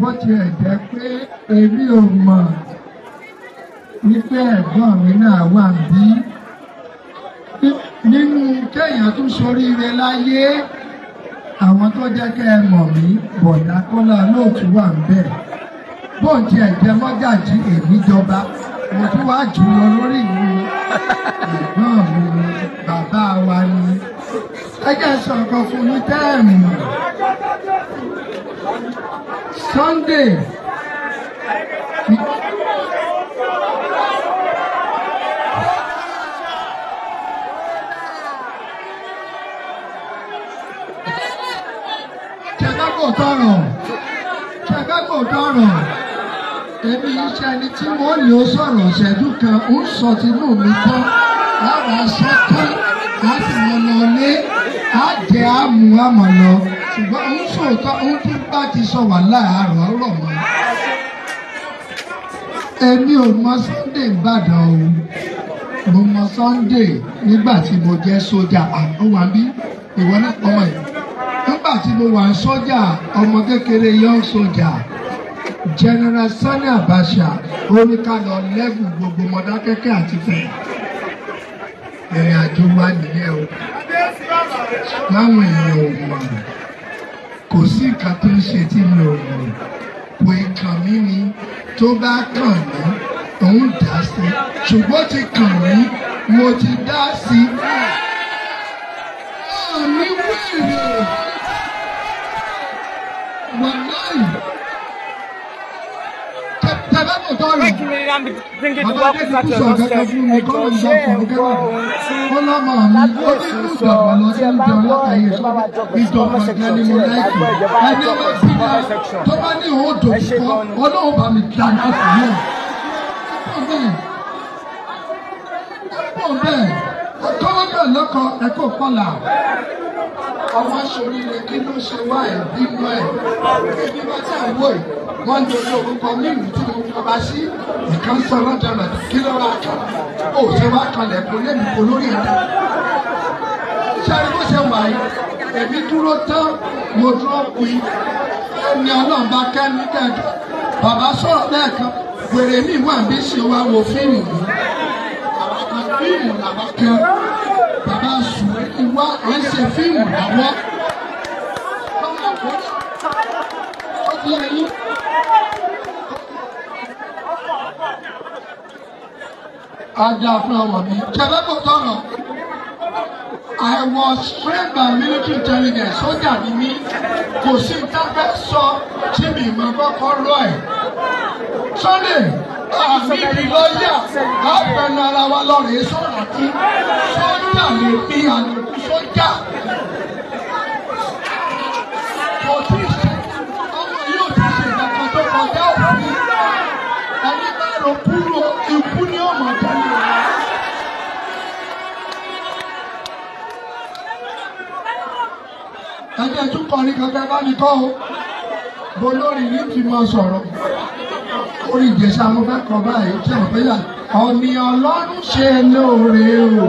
bó tiẹ̀ jẹ́ pé èmi ò mọ̀ wípé ẹ̀gbọ́n mi náà wà bí nínú kéèyàn tún ṣoríire láyé àwọn tó jẹ́ kẹ́ ẹ mọ̀ mí bọ̀dá kọ́lá lóòtú wà ń bẹ̀ bóun tiẹ̀ jẹ́ mọ́gàjì èmi jọba mo tún wá jù lọ lórí ìlú ẹ̀gbọ́n mi ni bàbá wa ni ẹ jẹ́ sọ̀kan fún mi tẹ́ẹ̀mù. Sunday. Chẹ̀kákò tọrọ. Chẹ̀kákò tọrọ. Èmi iṣẹ́ ni tí mo lè ó sọ̀rọ̀ ìṣẹ́jú kan, ó ń sọ tinú mi tán. Lára aṣọ tán, a sì mọ̀ lọ lé, a jẹ́ àmú àmọ̀ Ṣùgbọ́n ó ń sòótọ́, ó ń tún bá ti sọ wà láàárọ̀ rọ̀ mọ́ èmi ò mọ Sunday Ìbàdàn o mo mọ Sunday nígbà tí mo jẹ́ sójà àwọn àbí ìwọ náà ọmọ yìí nígbà tí mo wà sójà ọmọ kékeré young sójà General Sani Abacha oníkàlọ lẹ́gùn gbogbo Mọdákẹ́kẹ́ àti Ifẹ̀ ìrìn àjò wa nìyẹn o láwọn èèyàn ò mọ̀ kò sí nǹkan tó ń ṣe tí mi ò mọ̀ kò ìkàn mí ni tó bá kàn mí òun dá sí ṣùgbọ́n ti kàn mí mo ti dá sí. àmì wèrè Ẹ̀kìnrin Rambi Bíngé ti wá fún Sátọ̀ lọ́sẹ̀ ẹ̀jọ̀ ṣé ẹ̀gbọ́ ohun tí lábíyèsí sọ tí ẹ bá ń gbọ́ ẹ̀jẹ̀ ẹ bá pọ̀ bẹ́ẹ̀, ọmọ ṣoríire nínú ṣe wá ẹ̀ bímọ ẹ̀ ẹbí bá tẹ̀ ń wò ẹ̀ wọ́n ní ojú orúkọ mímu tí mo jọba sí ìkan sọ̀rọ̀ dànù kí ló wá kàn ó ṣe wá kanlẹ̀ kó lé mi kó lórí ẹ̀dá. ṣé ẹni bó ṣe wà yìí èmi dúró tán mo dúró pin ẹni ọlọ́run bá kẹ́ ní kẹ́kẹ́ bàbá sọ̀rọ̀ lẹ́ẹ̀kan wèrè mi wà bí ṣe wá wo fíìmù yìí àwọn kan fíìmù làwọn kan wá à ń ṣe fíìmù lọ́wọ́. ó ti yẹ yín. Ada fún ọmọ mi. Jẹ̀bẹ́ kò tọ̀nà. I was trained by military intelligence sójà ni mí. Kò sí ìtafẹ́ sọ tí mi ìmọ̀ kọ́kọ́ lọ ẹ̀. Sunday, àmì ìlọ́yà, àbẹ̀nu ara wa lọ́rẹ̀ẹ́ sọ̀rọ̀ lè fi àlèkù sọ́jà. Kò tí ì ṣe ọmọ yóò ti ṣe ìdàgbà tó kọjá òfin. Ẹni bá rò kúrò ikú ní ọmọ tẹ̀lé wa. Ẹjẹ̀ tún kọrin kankan bá mi kọ́ o. Bo lórí yìí ti máa sọ̀rọ̀. Orí ìjẹsà mo fẹ́ kọ báyìí tí àwọn fẹ́ yà. ọlọ́run ṣe lóore o.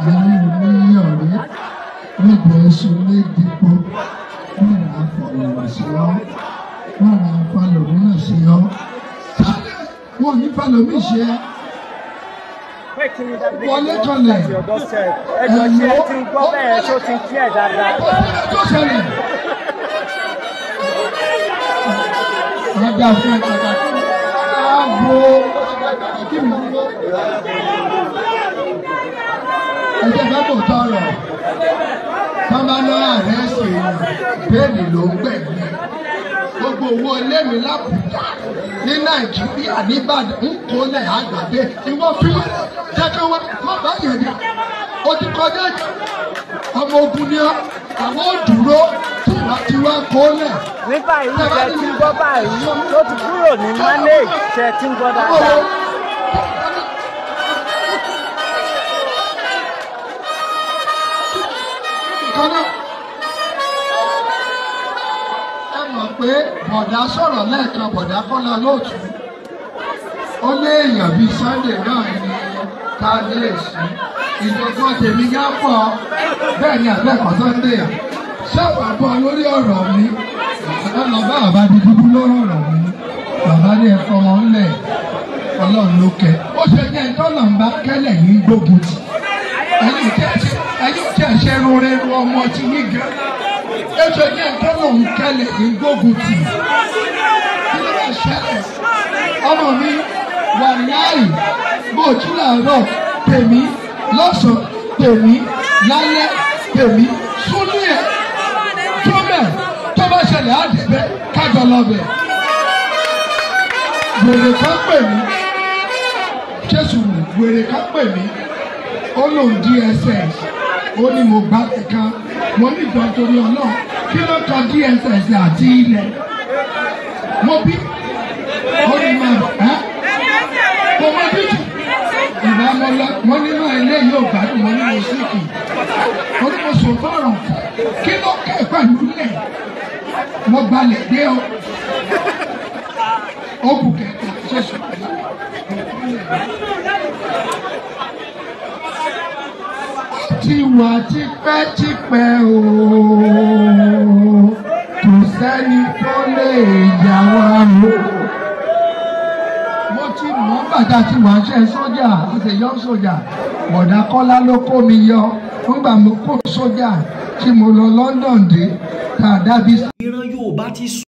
ayé oníyọ̀rẹ́ níbi èso lédìpọ̀ mọ̀nà àfọlùmọ̀ sí ọ́ mọ̀nà àfọlùmọ̀ sí ọ́ sálẹ̀ wọn ò ní fọlùmí ṣe é wọlé jọlẹ bẹ́ẹ̀lì ló ń gbẹ̀mí gbogbo owó ilé mi lábùjá ní nàìjíríà nìbàdàn ń kólẹ̀ àgbàdo ìwọ fíwọ́ jẹ́ kí wọ́n má bá yẹn ni o ti kọjá ọmọ ogun ni ọ àwọn ò dúró tí ìwà ti wá kólẹ̀. ní báyìí ilẹ̀ tí ń gbọ́ báyìí ló ti kúrò ní manage ṣe ti ń gbọ́ dáadáa. pé bọ̀dá sọ̀rọ̀ lẹ́ẹ̀kan bọ̀dá Kọ́lá lóòtú, ó lé èèyàn bíi Sunday náà ní ìjọba tèmi yá pọ̀ bẹ́ẹ̀ ni àbẹ́kọ̀ Sunday à ṣàpàpọ̀ lórí ọ̀rọ̀ mi ọ̀nà bá lórí ọ̀rọ̀ mi bàbá ní ẹ̀kọ́ ọlọ́run ló ní gbógun ẹ̀yìn tí ẹsẹ ní nǹkan náà ń kálẹ̀ ní gbógun tì kí ló bá ṣẹlẹ̀ ọmọ mi wà láàyè mo jí làárọ̀ tèmi lọ́sàn-án tèmi lálẹ́ tèmi súnú ẹ̀ tó bẹ̀ tó bá ṣẹlẹ̀ á dé bẹ̀ kájọ lọ bẹ̀ wèrè kan pè mí jésù wèrè kan pè mí ó lòun dss ó ní mo gbálẹ̀ kan mo ní ìjọ torí ọlọ́run kí ló tọ DSS àti ilẹ̀ mo bí ó ní ma ẹ́ mo mọ bí jù ìgbà mo lọ mo nínú ilé yóò gbádùn mo nínú síkì mo ní mo sùn fọ́ọ̀rọ̀ kí ló kẹ́ pẹ̀lú ilẹ̀ mo gbalẹ̀ dé o ó kù kẹta ṣẹ̀ṣẹ̀ pẹ̀lú. ti wà tipẹ́tipẹ́ o kò sẹ́ni tó lè yà wá o. mo ti mọ̀ bàtà tí wàá ṣe sójà àti yọ sójà bọ̀dà Kọ́lá ló kó mi yọ nígbà mo kó sójà tí mo lọ London dé tàdábí. ìran Yorùbá ti sùn.